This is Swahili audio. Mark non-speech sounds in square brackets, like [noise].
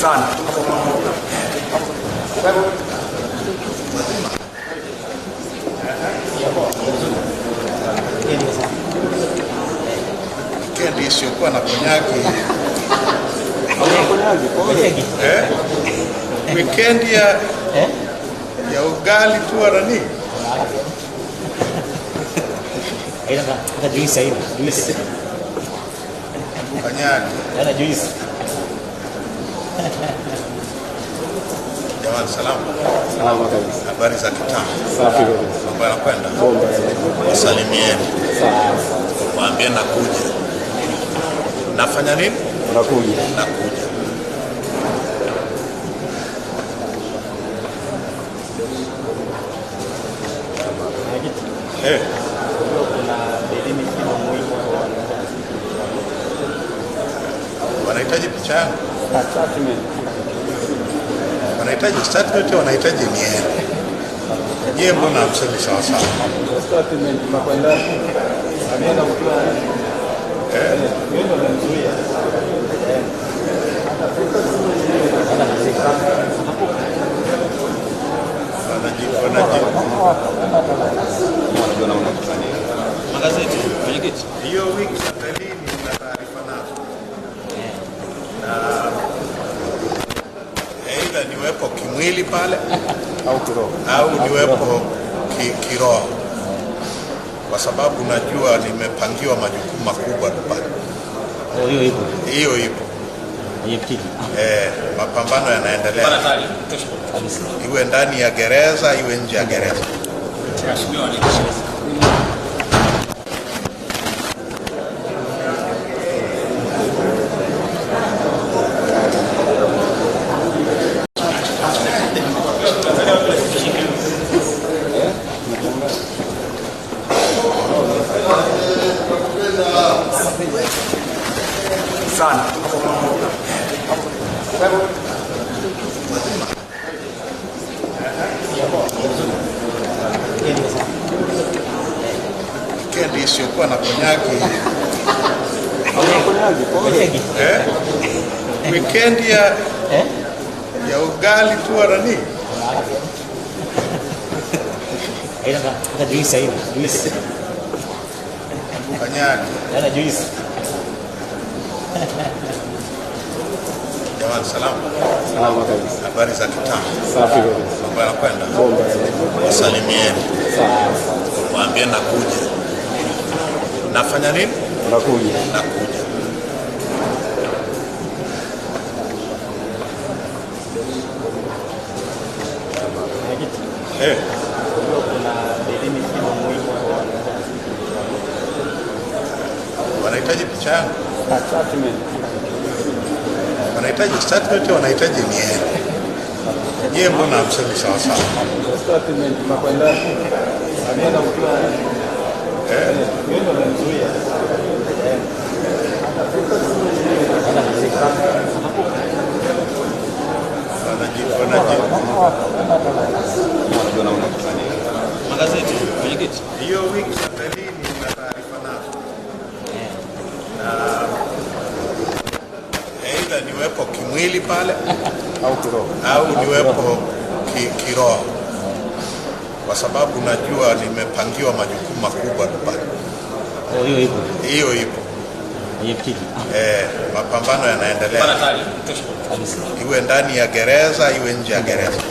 sana kendi isiyokuwa na konyagi eh? wikendi ya eh? ya ugali tu juice Juice. wa nani juice. Jamani, salamu. Salamu kabisa. Habari za kitambo? Safi kabisa. Mambo yanakwenda? Bomba. Wasalimieni. Safi. Waambie nakuja. Nafanya nini? Nakuja. Nakuja. eh. Wanahitaji picha yangu, wanahitaji statement, wanahitaji nia. Je, mbona msemi sawa sawa? Statement eh, eh. hiyo wiki za Berlin na taarifa nazo na aidha niwepo kimwili pale au kiroho au niwepo kiroho, kwa sababu najua nimepangiwa majukumu makubwa pale. Oh, hiyo ipo, hiyo ipo. Eh, mapambano yanaendelea, iwe ndani ya gereza, iwe nje ya gereza. sana. Kendi isiyokuwa na konyaki eh? wikendi ya eh? ya ugali tu na nini Fanyaje? Yana juisi. Jamani, salamu. Salama kabisa. Habari za kitambo? Safi kabisa. Mambo yanakwenda? Wasalimieni. Safi. Waambie nakuja. Nafanya nini? Nakuja. Nakuja. Eh. Hey. wanahitaji picha yangu, wanahitaji statement, wanahitaji nia. Je, mbona hamsemi sawa sawa? Magazeti mwenyekiti, hiyo wiki niwepo kimwili pale [laughs] au kiroho, au niwepo ki, kiroho, kwa sababu najua nimepangiwa majukumu makubwa pale. Oh, hiyo ipo, hiyo ipo. Eh, mapambano yanaendelea, iwe ndani ya gereza, iwe nje ya gereza.